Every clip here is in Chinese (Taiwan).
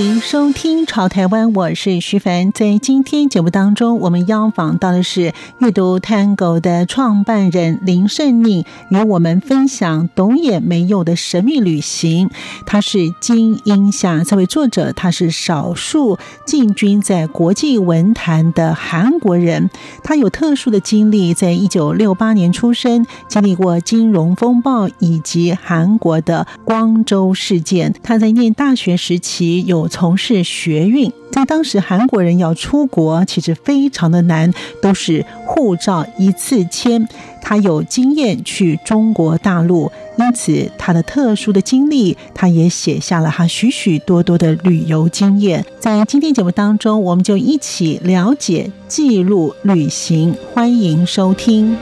歡迎收聽《潮台灣》，我是徐凡。在今天節目當中，我們邀訪到的是閱讀《Tango》的創辦人林聖甯，與我們分享《懂也沒有》的神秘旅行。他是金英夏，這位作者，他是少數進軍在國際文壇的韓國人。他有特殊的經歷，在一九六八年出生，經歷過金融風暴以及韓國的光州事件。他在念大學時期有。從事學運，在當時韓國人要出國其實非常的難，都是護照一次簽。他有經驗去中國大陸，因此他的特殊的經歷，他也寫下了他許許多多的旅遊經驗。在今天節目當中，我們就一起了解記錄旅行，歡迎收聽。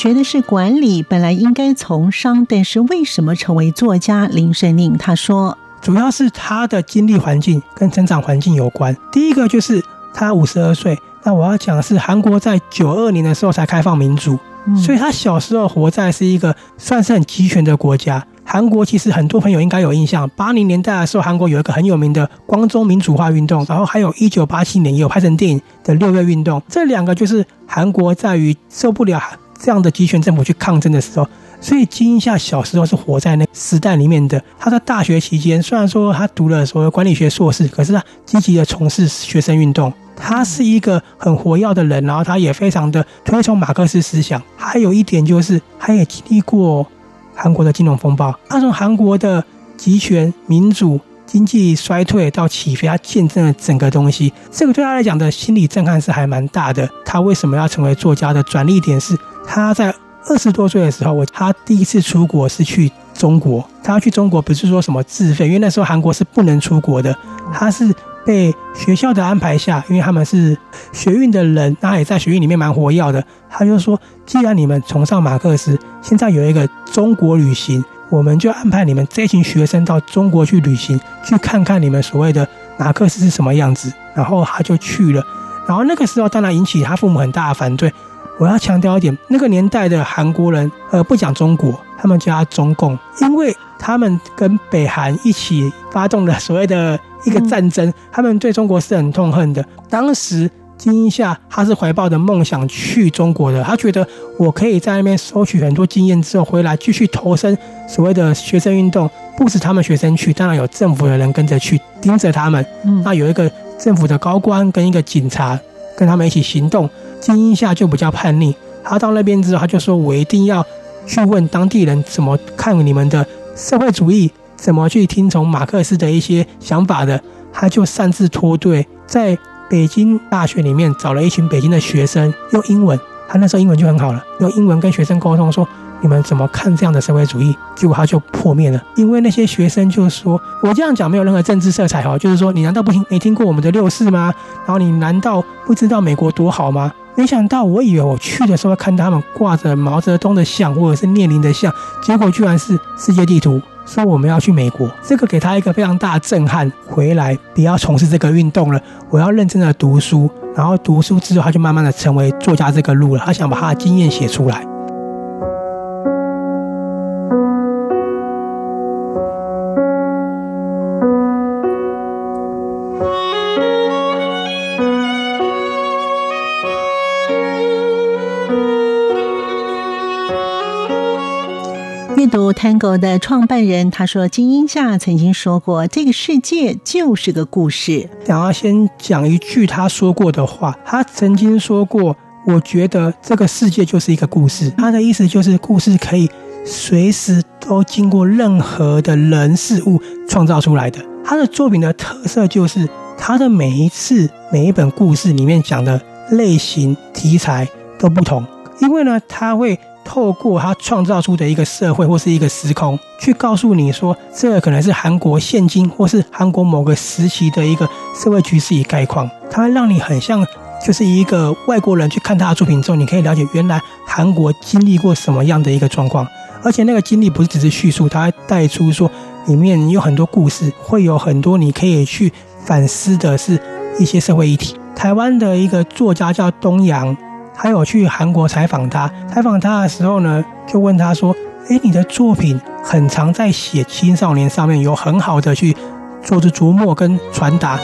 學的是管理，本來應該從商，但是為什麼成為作家？林聖甯他說：“主要是他的經歷環境跟成長環境有關。第一個就是他五十二歲。那我要講的是，韓國在九二年的時候才開放民主，嗯、所以他小時候活在是一個算是很極權的國家。韓國其實很多朋友應該有印象，八零年代的時候，韓國有一個很有名的光州民主化運動，然後還有一九八七年也有拍成電影的六月運動。這兩個就是韓國在於受不了。”這樣的極權政府，去抗爭的時候，所以金英夏小時候是活在那個時代裡面的。他在大學期間，雖然說他讀了所謂管理學碩士，可是他積極的從事學生運動。他是一個很活躍的人，然後他也非常的推崇馬克思思想。還有一點就是，他也經歷過韓國的金融風暴。他從韓國的極權民主。經濟衰退到起飛，他見證了整個東西，這個對他來講的心理震撼是還蠻大的。他為什麼要成為作家的轉捩點是他在二十多歲的時候，他第一次出國是去中國。他要去中國不是說什麼自費，因為那時候韓國是不能出國的。他是被學校的安排下，因為他們是學運的人，他也在學運裡面蠻活躍的。他就說，既然你們崇尚馬克思，現在有一個中國旅行。我們就安排你們這群學生到中國去旅行，去看看你們所謂的馬克思是什麼樣子。然後他就去了，然後那個時候當然引起他父母很大的反對。我要強調一點，那個年代的韓國人，呃，不講中國，他們叫他中共，因為他們跟北韓一起發動了所謂的一個戰爭，他們對中國是很痛恨的。當時。金英夏他是懷抱著夢想去中國的，他覺得我可以在那邊收取很多經驗之後回來繼續投身所謂的學生運動。不止他們學生去，當然有政府的人跟着去盯着他們。嗯，那有一個政府的高官跟一個警察跟他們一起行動。金英夏就比較叛逆，他到那邊之後他就說：“我一定要去問當地人怎麼看你們的社會主義，怎麼去聽從馬克思的一些想法的。”他就擅自脫隊在。北京大學裡面找了一群北京的學生，用英文，他那時候英文就很好了，用英文跟學生溝通說：“你們怎麼看這樣的社會主義？”結果他就破滅了，因為那些學生就說：“我這樣講沒有任何政治色彩哦，就是說你難道不聽沒聽過我們的六四嗎？然後你難道不知道美國多好嗎？”沒想到，我以為我去的時候看到他們掛着毛澤東的像或者是列寧的像，結果居然是世界地圖。說我們要去美國，這個給他一個非常大的震撼。回來不要從事這個運動了，我要認真的讀書。然後讀書之後，他就慢慢的成為作家這個路了。他想把他的經驗寫出來。閱讀 Tango 的創辦人，他說：“金英夏曾經說過，這個世界就是個故事。”想要先講一句他說過的話，他曾經說過：“我覺得這個世界就是一個故事。”他的意思就是，故事可以隨時都經過任何的人事物創造出來的。他的作品的特色就是，他的每一次每一本故事裡面講的類型題材都不同，因為呢，他會。透過他創造出的一個社會或是一個時空，去告訴你說，這個、可能是韓國現今或是韓國某個時期的一個社會局勢與概況。它會讓你很像，就是一個外國人去看他的作品之後，你可以了解原來韓國經歷過什麼樣的一個狀況。而且那個經歷不是只是敘述，它會帶出說裡面有很多故事，會有很多你可以去反思的是一些社會議題。台灣的一個作家叫東陽。還有去韓國採訪他，採訪他的時候呢，就問他說：“哎、欸，你的作品很常在寫青少年上面，有很好的去做出琢磨跟傳達。”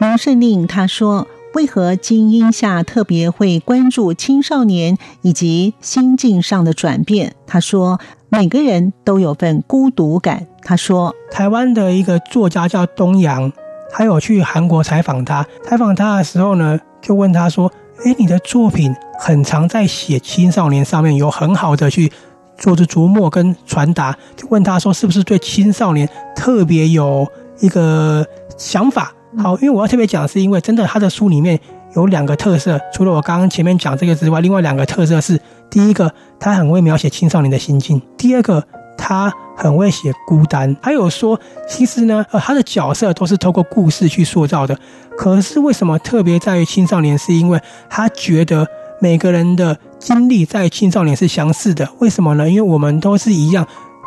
吳勝令他說。為何金英夏特別會關注青少年以及心境上的轉變？他說：“每個人都有份孤獨感。”他說：“台灣的一個作家叫東陽，他有去韓國採訪他。採訪他的時候呢，就問他說：‘哎，你的作品很常在寫青少年上面，有很好的去做着琢磨跟傳達。’就問他說：‘是不是對青少年特別有一個想法？’”好，因為我要特別講，是因為真的他的書裡面有兩個特色，除了我剛剛前面講這個之外，另外兩個特色是：第一個，他很會描寫青少年的心境；第二個，他很會寫孤單。還有說，其實呢，他的角色都是透過故事去塑造的。可是為什麼特別在於青少年？是因為他覺得每個人的經歷在青少年是相似的。為什麼呢？因為我們都是一樣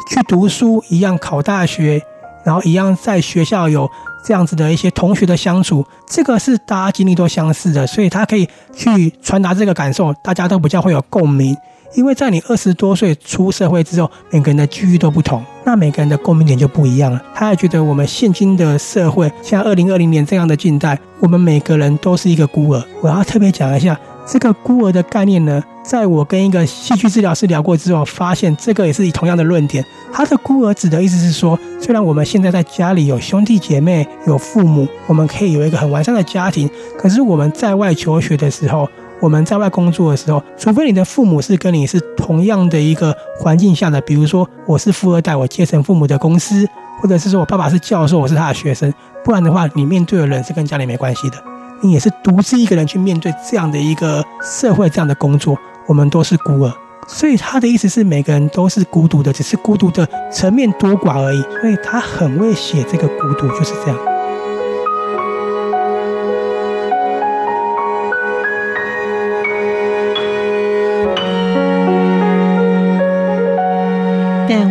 去讀書，一樣考大學，然後一樣在學校有。這樣子的一些同學的相處，這個是大家經歷都相似的，所以他可以去傳達這個感受，大家都比較會有共鳴。因為在你二十多歲出社會之後，每個人的機遇都不同，那每個人的共鳴點就不一樣了。他還覺得我們現今的社會，像二零二零年這樣的近代，我們每個人都是一個孤兒。我要特別講一下。這個孤兒的概念呢，在我跟一個戲劇治療師聊過之後，發現這個也是以同樣的論點。他的孤兒指的意思是說，雖然我們現在在家裡有兄弟姐妹、有父母，我們可以有一個很完善的家庭，可是我們在外求學的時候，我們在外工作的時候，除非你的父母是跟你是同樣的一個環境下的，比如說我是富二代，我繼承父母的公司，或者是說我爸爸是教授，我是他的學生，不然的話，你面對的人是跟家裡沒關係的。你也是獨自一個人去面對這樣的一個社會，這樣的工作，我們都是孤兒。所以他的意思是，每個人都是孤獨的，只是孤獨的層面多寡而已。所以他很會寫這個孤獨，就是這樣。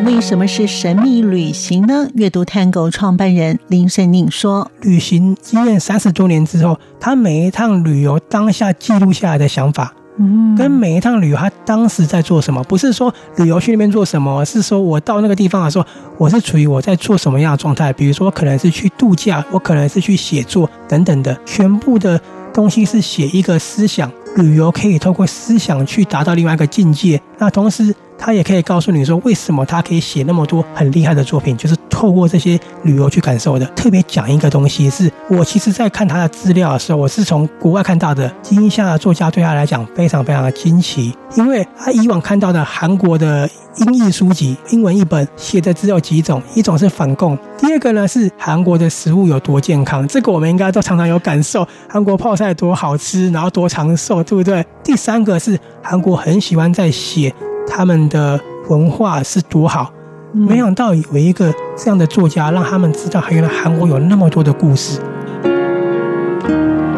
為什麼是神秘旅行呢？閱讀探戈創辦人林聖甯說：“旅行經驗三十多年之後，他每一趟旅遊當下記錄下來的想法，嗯，跟每一趟旅遊他當時在做什麼，不是說旅遊去那邊做什麼，是說我到那個地方的時候，我是處於我在做什麼樣的狀態。比如說，我可能是去度假，我可能是去寫作等等的，全部的東西是寫一個思想。旅遊可以透過思想去達到另外一個境界。那同時。”他也可以告訴你說，為什麼他可以寫那麼多很厲害的作品，就是透過這些旅遊去感受的。特別講一個東西，是我其實在看他的資料的時候，我是從國外看到的。金英夏作家對他來講非常非常的驚奇，因為他以往看到的韓國的英譯書籍、英文譯本，寫的只有幾種：一種是反共，第二個呢是韓國的食物有多健康，這個我們應該都常常有感受，韓國泡菜多好吃，然後多長壽，對不對？第三個是韓國很喜歡在寫。他們的文化是多好，嗯，沒想到有一個這樣的作家，讓他們知道，原來韓國有那麼多的故事，嗯。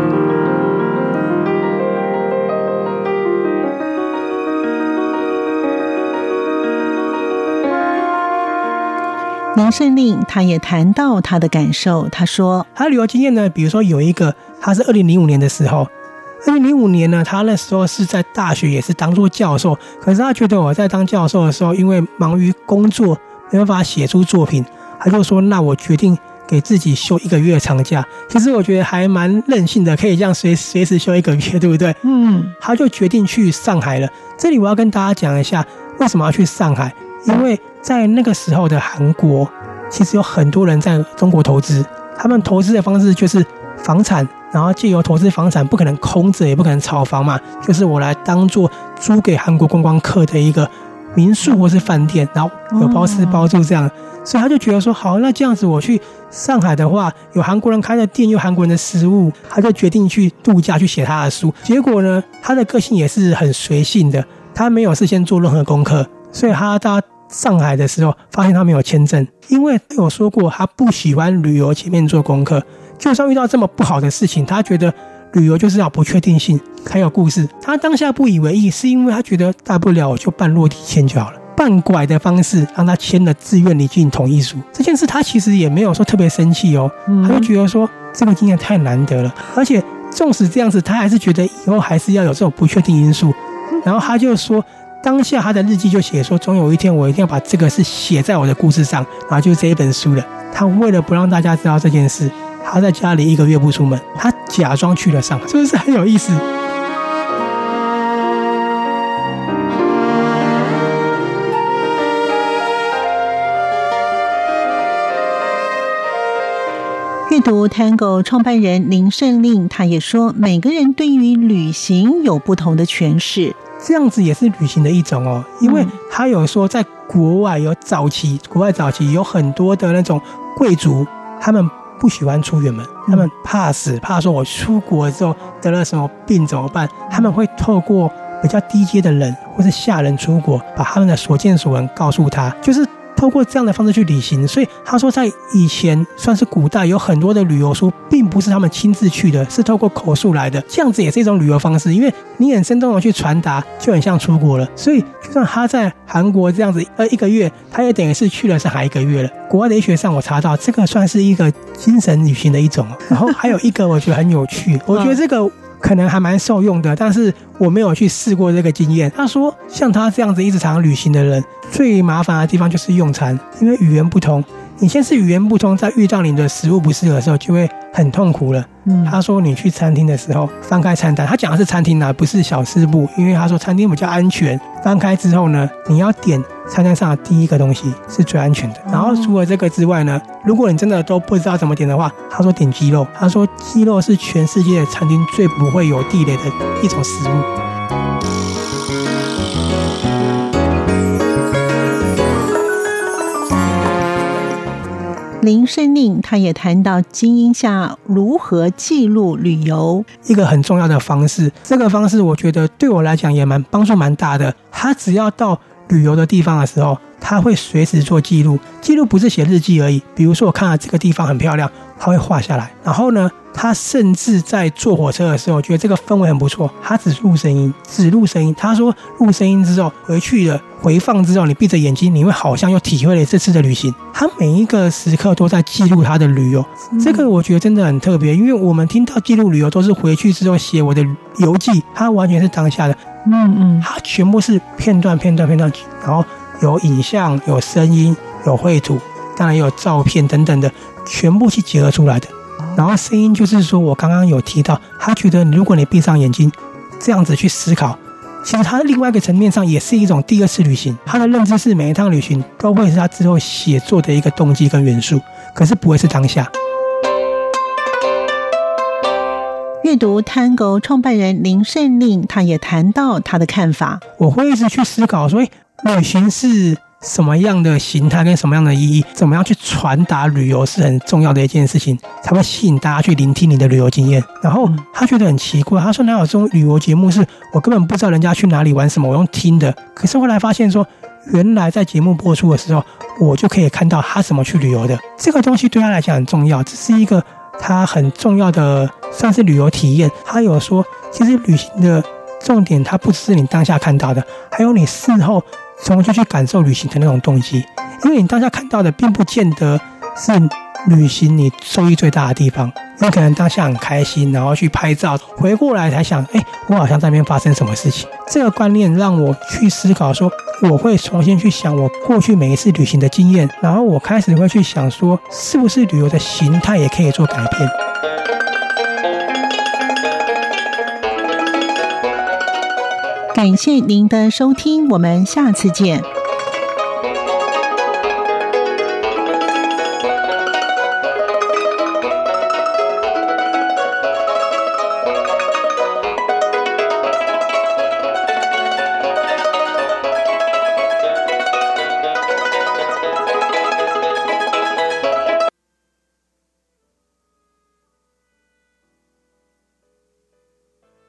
毛勝令，他也談到他的感受，他說：“他旅遊經驗呢，比如說有一個，他是二零零五年的時候。”二零零五年呢，他那時候是在大學，也是當做教授。可是他覺得我在當教授的時候，因為忙於工作，沒辦法寫出作品。他就說：“那我決定給自己休一個月長假。”其實我覺得還蠻任性的，可以這樣隨隨時休一個月，對不對？嗯。他就決定去上海了。這裡我要跟大家講一下為什麼要去上海，因為在那個時候的韓國，其實有很多人在中國投資。他們投資的方式就是房產。然後借由投資房產，不可能空着，也不可能炒房嘛，就是我來當做租給韓國觀光客的一個民宿或是飯店，然後有包吃包住這樣。所以他就覺得說，好，那這樣子我去上海的話，有韓國人開的店，有韓國人的食物，他就決定去度假去寫他的書。結果呢，他的個性也是很隨性的，他沒有事先做任何功課，所以他到上海的時候發現他沒有簽證，因為我說過他不喜歡旅遊前面做功課。就算遇到這麼不好的事情，他覺得旅遊就是要不確定性，還有故事。他當下不以為意，是因為他覺得大不了我就辦落地簽就好了，半拐的方式讓他簽了自願離境同意書。這件事他其實也沒有說特別生氣哦、喔，他就覺得說這個經驗太難得了。而且縱使這樣子，他還是覺得以後還是要有這種不確定因素。然後他就說，當下他的日記就寫說，總有一天我一定要把這個事寫在我的故事上，然後就是這一本書了。他為了不讓大家知道這件事。他在家裡一個月不出門，他假裝去了上海，是不是很有意思？閱讀 Tango 創辦人林聖甯，他也說，每個人對於旅行有不同的詮釋。這樣子也是旅行的一種哦，因為他有說，在國外有早期，國外早期有很多的那種貴族，他們。不喜歡出遠門，他們怕死，怕說我出國之後得了什麼病怎麼辦？他們會透過比較低階的人或是下人出國，把他們的所見所聞告訴他，就是。透過這樣的方式去旅行，所以他說在以前算是古代，有很多的旅遊書，並不是他們親自去的，是透過口述來的。這樣子也是一種旅遊方式，因為你很生動的去傳達，就很像出國了。所以就算他在韓國這樣子，呃，一個月，他也等於是去了上海一個月了。國外的醫學上，我查到這個算是一個精神旅行的一種。然後還有一個，我覺得很有趣， 我覺得這個。可能還蠻受用的，但是我沒有去試過這個經驗。他說，像他這樣子一直常旅行的人，最麻煩的地方就是用餐，因為語言不通。你先是語言不通，再遇到你的食物不適合的時候，就會很痛苦了。嗯，他說，你去餐廳的時候，翻開餐單，他講的是餐廳啊，不是小食部，因為他說餐廳比較安全。翻開之後呢，你要點。餐單上的第一個東西是最安全的。然後除了這個之外呢，如果你真的都不知道怎麼點的話，他說點雞肉，他說雞肉是全世界的餐廳最不會有地雷的一種食物。林聖甯他也談到，金英夏如何記錄旅遊，一個很重要的方式。這個方式我覺得對我來講也蠻幫助蠻大的。他只要到。旅遊的地方的時候。他會隨時做記錄，記錄不是寫日記而已。比如說，我看到這個地方很漂亮，他會畫下來。然後呢，他甚至在坐火車的時候，我覺得這個氛圍很不錯，他只是錄聲音，只錄聲音。他說錄聲音之後，回去了回放之後，你閉着眼睛，你會好像又體會了這次的旅行。他每一個時刻都在記錄他的旅遊，嗯、這個我覺得真的很特別。因為我們聽到記錄旅遊都是回去之後寫我的遊記，它完全是當下的。嗯嗯，它全部是片段片段片段，然後。有影像、有聲音、有繪圖，當然也有照片等等的，全部去結合出來的。然後聲音就是說，我剛剛有提到，他覺得如果你閉上眼睛，這樣子去思考，其實他的另外一個層面上也是一種第二次旅行。他的認知是每一趟旅行都會是他之後寫作的一個動機跟元素，可是不會是當下。閱讀 Tango 創辦人林聖甯，他也談到他的看法。我會一直去思考，說，哎，旅行是什麼樣的形態跟什麼樣的意義？怎麼樣去傳達旅遊是很重要的一件事情，才會吸引大家去聆聽你的旅遊經驗。然後他覺得很奇怪，他說：“哪有這種旅遊節目是，是我根本不知道人家去哪裡玩什麼，我用聽的。可是後來發現說，說原來在節目播出的時候，我就可以看到他怎麼去旅遊的。這個東西對他來講很重要，這是一個。”他很重要的，算是旅遊體驗，他有說，其實旅行的重點，它不只是你當下看到的，還有你事後從中去感受旅行的那種東西，因為你當下看到的，並不見得是。旅行你受益最大的地方，你可能當下很開心，然後去拍照，回過來才想，哎、欸，我好像在那邊發生什麼事情。這個觀念讓我去思考說，說我會重新去想我過去每一次旅行的經驗，然後我開始會去想說，是不是旅遊的形態也可以做改變？感謝您的收聽，我們下次見。